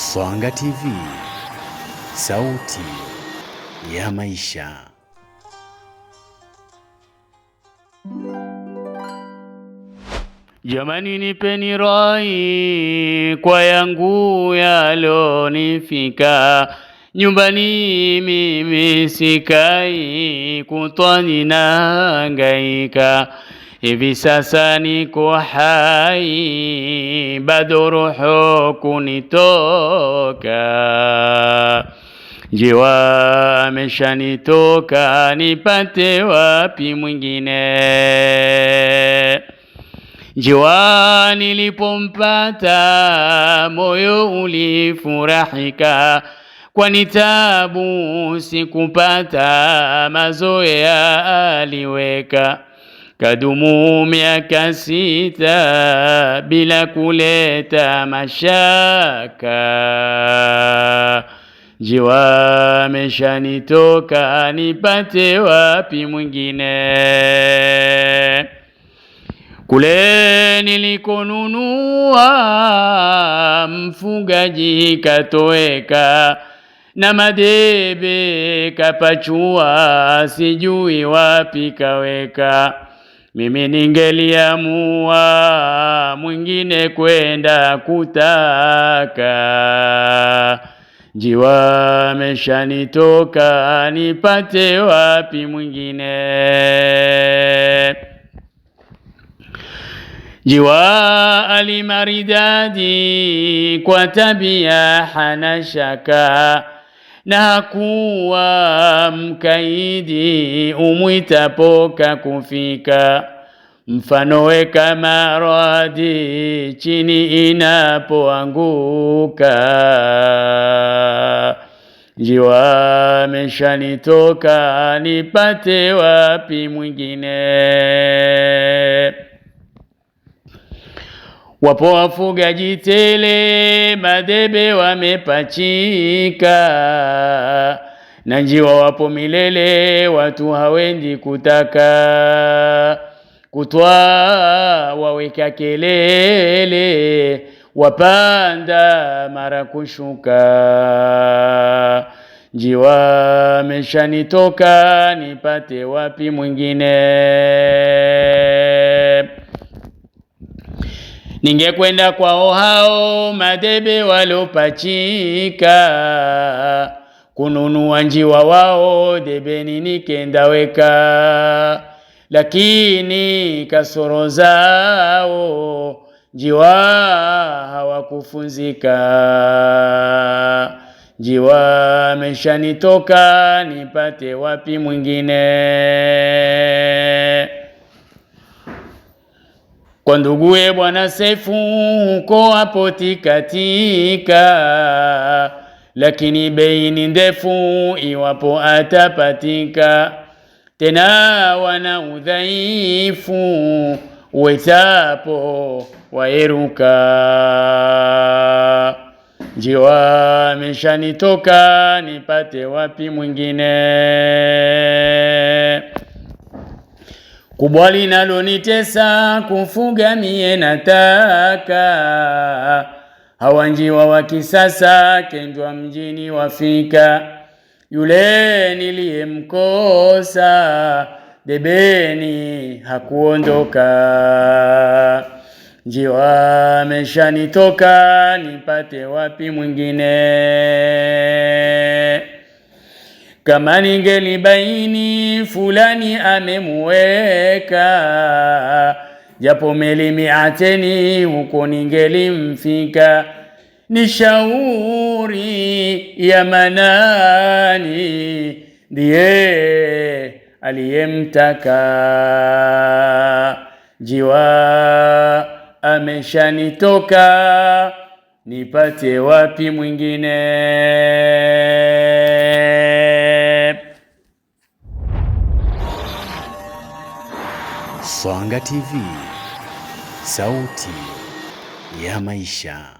Swanga TV, sauti ya maisha. Jamani, nipeni rai kwa yangu yalonifika. Nyumbani mimi sikai, kutwa ninahangaika Hivi sasa niko hai, bado roho kunitoka, njiwa ameshanitoka, nipate wapi mwingine? Njiwa nilipompata, moyo ulifurahika kwani nitabu sikupata, mazoea aliweka Kadumu miaka sita bila kuleta mashaka, njiwa nitoka nipate wapi mwingine? Kule nilikonunua mfugaji katoweka na madebe kapachua, sijui wapi kaweka mimi ningeliamua mwingine kwenda kutaka, njiwa ameshanitoka, nipate wapi mwingine? Jiwa alimaridadi kwa tabia hana shaka na kuwa mkaidi umwitapoka kufika, we kama radi chini inapoanguka. Njiwa ameshanitoka, nipate wapi mwingine? Wapo wafugaji tele, madebe wamepachika, na njiwa wapo milele, watu hawendi kutaka. kutwa waweka kelele, wapanda mara kushuka. Njiwa nitoka nipate wapi mwingine? ningekwenda kwao hao madebe walopachika kununua njiwa wao debeni weka lakini kasoro zao njiwa hawakufunzika. Njiwa nitoka nipate wapi mwingine? kwa nduguye Bwana Sefu huko hapo tikatika, lakini bei ni ndefu iwapo atapatika. Tena wana udhaifu wetapo waeruka, njiwa ameshanitoka, nipate wapi mwingine? kubwa linalonitesa kufuga mie nataka, njiwa wa kisasa kendwa mjini wafika, yule niliyemkosa debeni hakuondoka. Njiwa ameshanitoka nipate wapi mwingine? Kama ningelibaini fulani amemweka, japo melimiateni huko ningelimfika. Ni shauri ya Manani, ndiye aliyemtaka. jiwa ameshanitoka, nipate wapi mwingine? Swanga TV, sauti ya maisha.